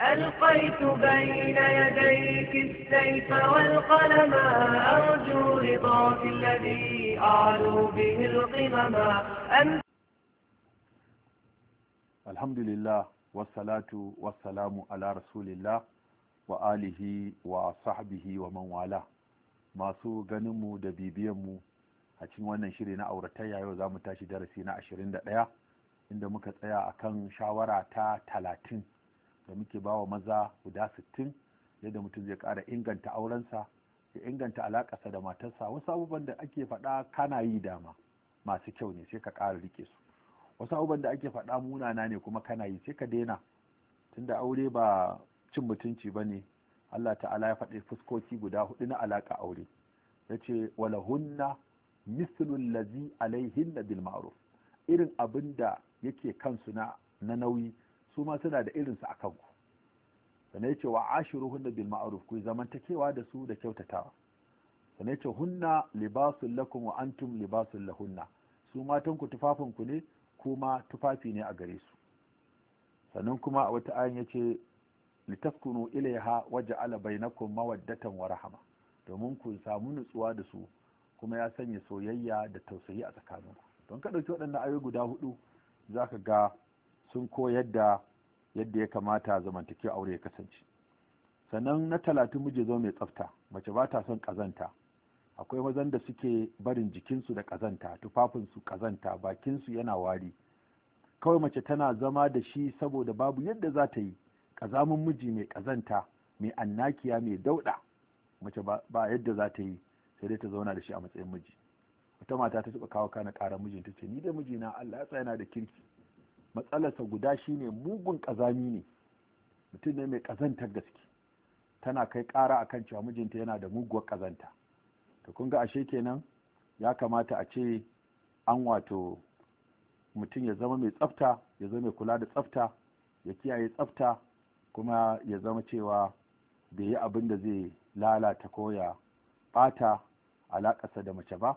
ألقيت بين يديك السيف والقلم أرجو رضاك الذي أعلو به القمم الحمد لله والصلاة والسلام على رسول الله وآله وصحبه ومن والاه masu ganin mu da bibiyan mu wannan shiri na auratai yau zamu tashi darasi na 21 inda muka tsaya akan shawara ta 30 da muke bawa maza guda sittin yadda mutum zai kara inganta aurensa ya inganta alakarsa da matarsa wasu abubuwan da ake faɗa kana yi dama masu kyau ne sai ka ƙara rike su wasu abubuwan da ake faɗa munana ne kuma kana yi sai ka daina tunda aure ba cin mutunci ba ne Allah ta'ala ya faɗi fuskoki guda hudu na alaƙa aure ya ce walahunna mislu lazi alaihin bil ma'ruf irin abin da yake kansu na na nauyi su ma suna da irinsu a kanku sannan ya ce wa ashiru hunna bil ma'ruf ku zamantakewa da su da kyautatawa sannan ya ce hunna libasul lakum wa antum libasul lahunna su matan ku tufafin ku ne kuma tufafi ne a gare su sannan kuma a wata ayan yace litaskunu ilaiha waja'ala bainakum mawaddatan wa rahama domin ku samu nutsuwa da su kuma ya sanya soyayya da tausayi a tsakaninku don ka ɗauki waɗannan ayoyi guda hudu zaka ga sun koyar da yadda ya kamata zamantakewa aure ya kasance sannan na talatin muje zo mai tsafta mace ba ta son kazanta akwai mazan da suke barin jikinsu da kazanta tufafinsu kazanta bakinsu yana wari kawai mace tana zama da shi saboda babu yadda za ta yi kazamin miji mai kazanta mai annakiya mai dauda mace ba yadda za ta yi sai dai ta zauna da shi a matsayin miji wata mata ta taba kawo kana ƙara mijin ce ni da mijina Allah ya tsaya yana da kirki matsalarsa guda shine mugun ƙazami ne mutum ne mai ƙazantar gaske tana kai ƙara akan cewa mijinta yana da muguwar ƙazanta to kun ga ashe kenan ya kamata a ce an wato mutum ya zama mai tsafta ya zama mai kula da tsafta ya kiyaye tsafta kuma ya zama cewa bai yi abin da zai lalata ko ya ɓata alaƙarsa da mace ba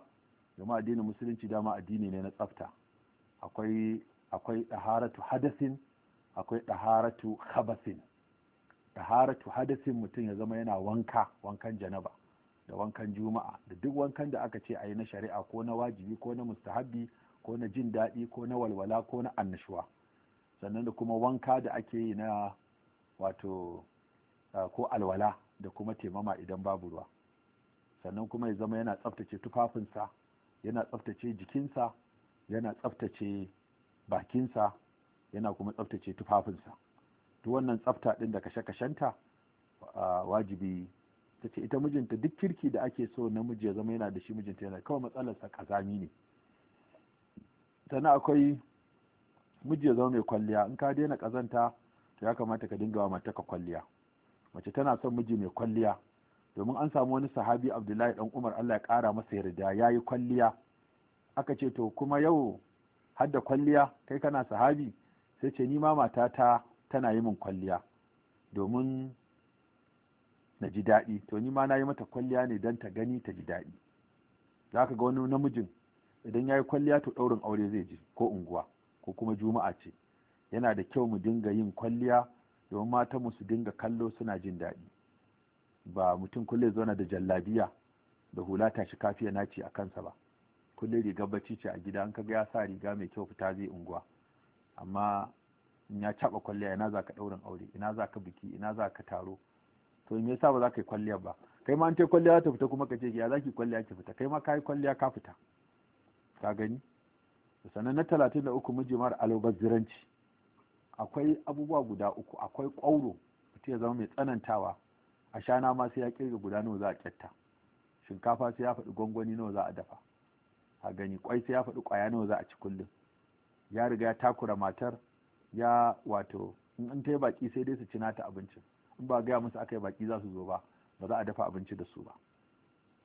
domin addinin musulunci dama addini ne na tsafta akwai akwai ɗaharatu hadasin akwai ɗaharatu habasin ɗaharatu hadasin mutum ya zama yana wanka wankan janaba da wankan juma'a da duk wankan da aka ce a yi na shari'a ko na wajibi ko na mustahabbi ko na jin daɗi ko na walwala ko na annashuwa sannan da kuma wanka da ake yi na wato ko alwala da kuma temama idan babu ruwa sannan kuma ya zama yana tsaftace tufafinsa yana tsaftace jikinsa yana tsaftace bakinsa yana kuma tsaftace tufafinsa duk wannan tsafta din da kashe-kashenta wajibi ta ita mijinta duk kirki da ake so namiji ya zama yana da shi mijinta yana kawai matsalarsa kazami ne sannan akwai miji ya zama mai kwalliya in ka daina kazanta to ya kamata ka dinga wa mata kwalliya mace tana son miji mai kwalliya domin an samu wani sahabi abdullahi dan umar allah ya kara masa yarda ya yi kwalliya aka ce to kuma yau har da kwalliya kai kana sahabi sai ce ni ma matata tana yi min kwalliya domin na ji daɗi to ni ma na yi mata kwalliya ne don ta gani ta ji daɗi za ka ga wani namijin idan ya yi kwalliya to ɗaurin aure zai ji ko unguwa ko kuma juma'a ce yana da kyau mu dinga yin kwalliya domin mata su dinga kallo suna jin daɗi ba mutum kullum zauna da jallabiya da hula tashi kafiya naci a kansa ba kullum riga bacci ce a gida an kaga ya sa riga mai kyau fita zai unguwa amma in ya caba kwalliya ina za ka ɗaurin aure ina za ka biki ina za ka taro to me yasa ba za ka yi kwalliya ba kai ma an ta kwalliya za ta fita kuma ka ce ya za ki kwalliya ki fita kai ma ka yi kwalliya ka fita ka gani sannan na talatin da uku miji mara albaziranci akwai abubuwa guda uku akwai ƙwauro mutum ya zama mai tsanantawa a shana ma sai ya kirga guda nawa za a kyatta shinkafa sai ya faɗi gwangwani nawa za a dafa a gani kwai sai ya faɗi kwaya nawa za a ci kullum ya riga ya takura matar ya wato in an ta yi baƙi sai dai su ci nata abincin in ba gaya musu aka yi baƙi za su zo ba ba za a dafa abinci da su ba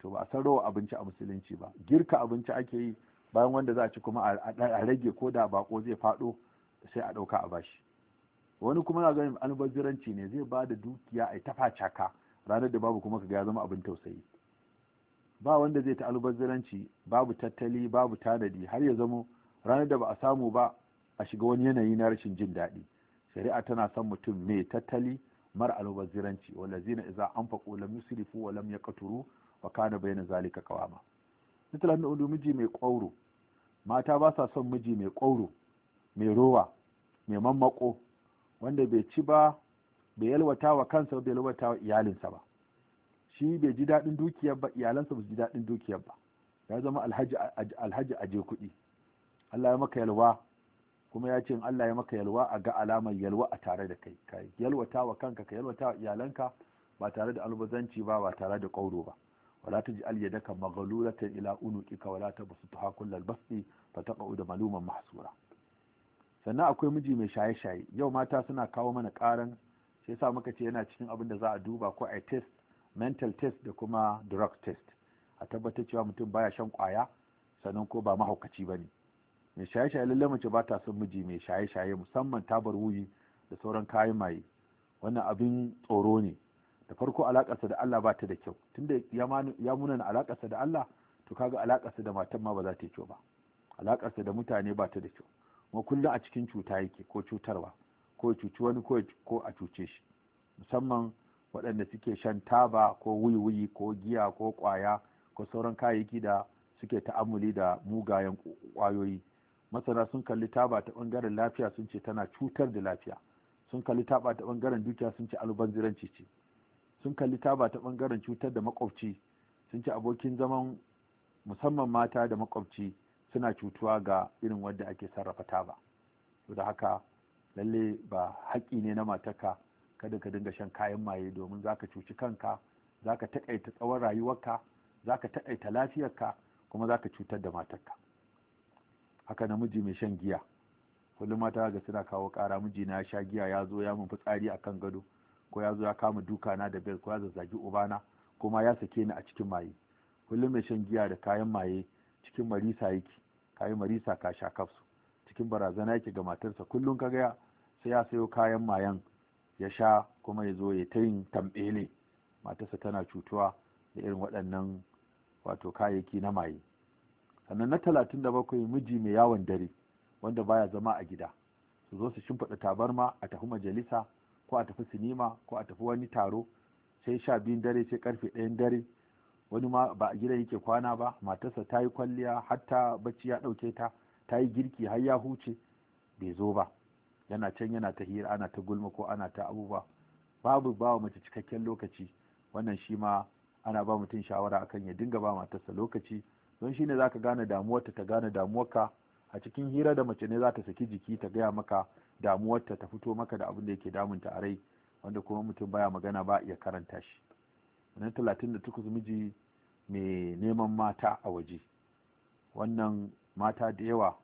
to ba a san rawa abinci a musulunci ba girka abinci ake yi bayan wanda za a ci kuma a rage ko da bako zai faɗo sai a ɗauka a bashi wani kuma na ganin albaziranci ne zai ba da dukiya a tafa caka ranar da babu kuma ka ga ya zama abin tausayi ba wanda zai ta albazzaranci babu tattali babu tanadi har ya zamo ranar da ba a samu ba a shiga wani yanayi na rashin jin daɗi shari'a tana son mutum mai tattali mara albazzaranci wala zina iza an faƙo lam yusrifu wa lam yaqturu wa kana bayna zalika qawama mutalan da miji mai ƙwauro mata ba sa son miji mai ƙwauro mai rowa mai mammako wanda bai ci ba bai yalwata wa kansa bai yalwata wa iyalinsa ba shi bai ji daɗin dukiyar ba iyalansa ba su ji daɗin dukiyar ba ya zama alhaji alhaji aje kuɗi Allah ya maka yalwa kuma ya ce in Allah ya maka yalwa a ga alamar yalwa a tare da kai ka yalwata wa kanka ka yalwata wa iyalanka ba tare da albazanci ba ba tare da ƙauro ba wala taj'al yadaka maghlulatan ila unuqika wala tabsutha ta basti da maluman mahsura sannan akwai miji mai shaye-shaye yau mata suna kawo mana karan sai sa muka ce yana cikin abin da za a duba ko a test mental test da kuma drug test a tabbatar cewa mutum baya shan kwaya sannan ko ba mahaukaci ba ne mai shaye-shaye lallai mace ba ta son miji mai shaye-shaye musamman tabar wuyi da sauran kayan maye wannan abin tsoro ne da farko alakarsa da Allah ba ta da kyau tunda ya na alakarsa da Allah to kaga alakarsa da matan ma ba za ta yi kyau ba alakarsa da mutane ba ta da kyau kuma kullum a cikin cuta yake ko cutarwa ko cuci wani ko a cuce shi musamman waɗanda suke shan taba ko wuyi wuyi ko giya ko ƙwaya ko sauran kayayyaki da suke ta'amuli da mugayen ƙwayoyi masana sun kalli taba ta ɓangaren lafiya sun ce tana cutar da lafiya sun kalli taba ta ɓangaren dukiya sun ce albanziranci ce sun kalli taba ta ɓangaren cutar da makwabci sun ce abokin zaman musamman mata da makwabci suna cutuwa ga irin wanda ake sarrafa taba to da haka lalle ba haƙƙi ne na mataka kada ka dinga shan kayan maye domin za ka cuci kanka za ka taƙaita tsawon rayuwarka za ka taƙaita lafiyarka kuma za ka cutar da matarka haka namiji mai shan giya kullum mata ga suna kawo ƙara miji na sha giya ya zo ya mun fitsari a kan gado ko ya zo ya kama dukana da bel ko ya zazzagi ubana kuma ya sake ni a cikin maye kullum mai shan giya da kayan maye cikin marisa yake kayan marisa ka sha kafsu cikin barazana yake ga matarsa kullum ka gaya sai ya sayo kayan mayan ya sha kuma ya zo ya ta yin tambele matarsa tana cutuwa da irin waɗannan wato kayayyaki na maye sannan na talatin da bakwai miji mai yawon dare wanda baya zama a gida su zo su shimfiɗa tabarma a tafi majalisa ko a tafi sinima ko a tafi wani taro sai sha biyun dare sai karfe ɗayan dare wani ma ba a gidan yake kwana ba matarsa ta yi kwalliya hatta bacci ya ɗauke ta ta yi girki har ya huce bai zo ba yana can yana ta hira ana ta gulma ko ana ta abubuwa babu ba wa mace cikakken lokaci wannan shi ma ana ba mutum shawara akan ya dinga ba matarsa lokaci don shine zaka gane damuwarta ta gane damuwarka a cikin hira da mace ne za ta saki jiki ta gaya maka damuwarta ta fito maka da abin da yake damunta a rai wanda kuma mutum baya magana ba iya karanta shi na talatin da tukus miji mai neman mata a waje wannan mata da yawa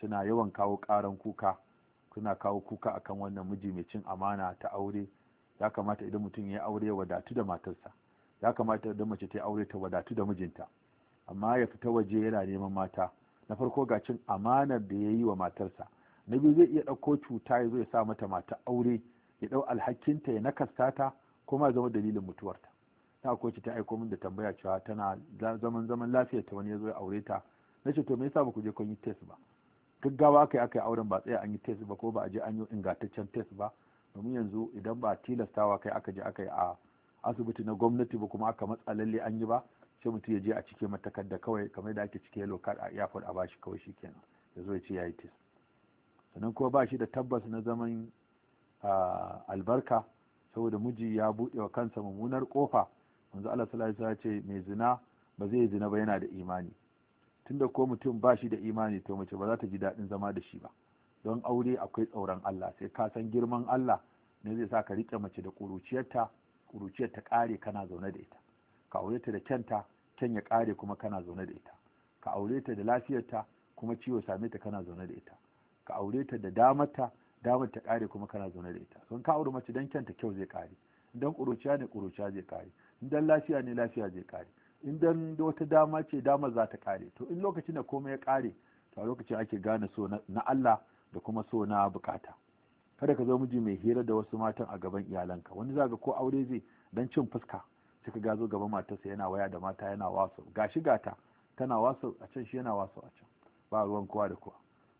suna yawan kawo ƙaran kuka Kuna kawo kuka akan wannan miji mai cin amana ta aure ya kamata idan mutum ya aure ya wadatu da matarsa ya kamata idan mace ta aure ta wadatu da mijinta amma ya fita waje yana neman mata na farko ga cin amanar da ya yi wa matarsa na biyu zai iya ɗauko cuta ya zo ya sa mata mata aure ya ɗau alhakinta ya nakasta ta kuma ya zama dalilin mutuwarta ta akwai ta aiko min da tambaya cewa tana zaman zaman lafiyar ta wani ya zo ya aure ta na ce to me yasa ba ku je kun yi test ba gaggawa kai aka yi auren ba tsaye an yi test ba ko ba a je an yi ingantaccen test ba domin yanzu idan ba tilastawa kai aka je aka yi a asibiti na gwamnati ba kuma aka matsalalle an yi ba sai mutum ya je a cike matakar da kawai kamar da ake cike yellow card a airport a bashi kawai shikenan ya zo ya ce ya yi test sannan kuma ba shi da tabbas na zaman albarka saboda miji ya buɗe wa kansa mummunar kofa yanzu Allah sallallahu alaihi wasallam ya ce mai zina ba zai zina ba yana da imani tunda ko mutum ba shi da imani to mace ba za ta ji daɗin zama da shi ba don aure akwai tsoron Allah sai ka san girman Allah ne zai sa ka riƙe mace da ƙuruciyarta ƙuruciyarta ƙare kana zaune da ita ka aure ta da kyanta kyan ya ƙare kuma kana zaune da ita ka aure ta da lafiyarta kuma ciwo same ta kana zaune da ita ka aure ta da damarta damar ta ƙare kuma kana zaune da ita don ka aure mace don kyanta kyau zai ƙare don ƙuruciya ne ƙuruciya zai ƙare don lafiya ne lafiya zai ƙare idan da wata dama ce dama za ta kare to in lokacin da komai ya kare to a lokacin ake gane so na Allah da kuma so na bukata kada ka zo miji mai hira da wasu matan a gaban iyalanka wani zaga ko aure zai dan cin fuska ka gazo gaban matarsa yana waya da mata yana waso gashi gata tana waso a can shi yana waso a can ba ruwan kowa da kowa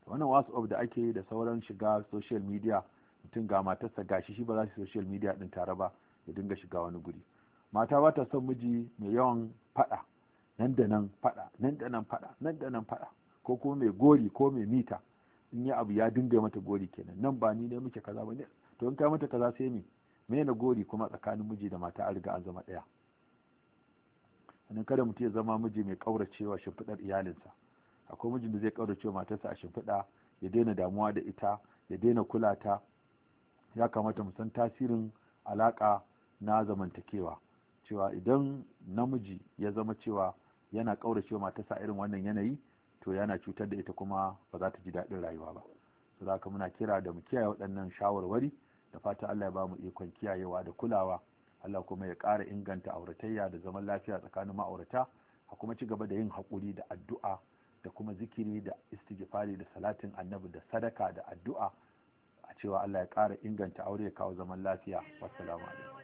wannan whatsapp da ake da sauran shiga social media mutum ga matarsa gashi shi ba za su social media din tare ba ya dinga shiga wani guri mata ba ta son miji mai yawan nan da nan fada nan da nan fada nan da nan fada ko kuma mai gori ko mai mita in yi abu ya dinga mata gori kenan nan ba ni ne muke kaza ba ne to in ka mata kaza sai me me na gori kuma tsakanin miji da mata an riga an zama ɗaya sannan kada mutum ya zama miji mai kauracewa shimfidar iyalinsa akwai mijin da zai kauracewa matarsa a shimfida ya daina damuwa da ita ya daina kula ta ya kamata mu san tasirin alaƙa na zamantakewa cewa idan namiji ya zama cewa yana kaurace sa irin wannan yanayi to yana cutar da ita kuma ba za ta ji daɗin rayuwa ba su za muna kira da mu kiyaye waɗannan shawarwari da fata Allah ya ba mu ikon kiyayewa da kulawa Allah kuma ya ƙara inganta auratayya da zaman lafiya tsakanin ma'aurata a kuma ci gaba da yin haƙuri da addu'a da kuma zikiri da istighfari da salatin annabi da sadaka da addu'a a cewa Allah ya ƙara inganta aure ya kawo zaman lafiya wassalamu alaikum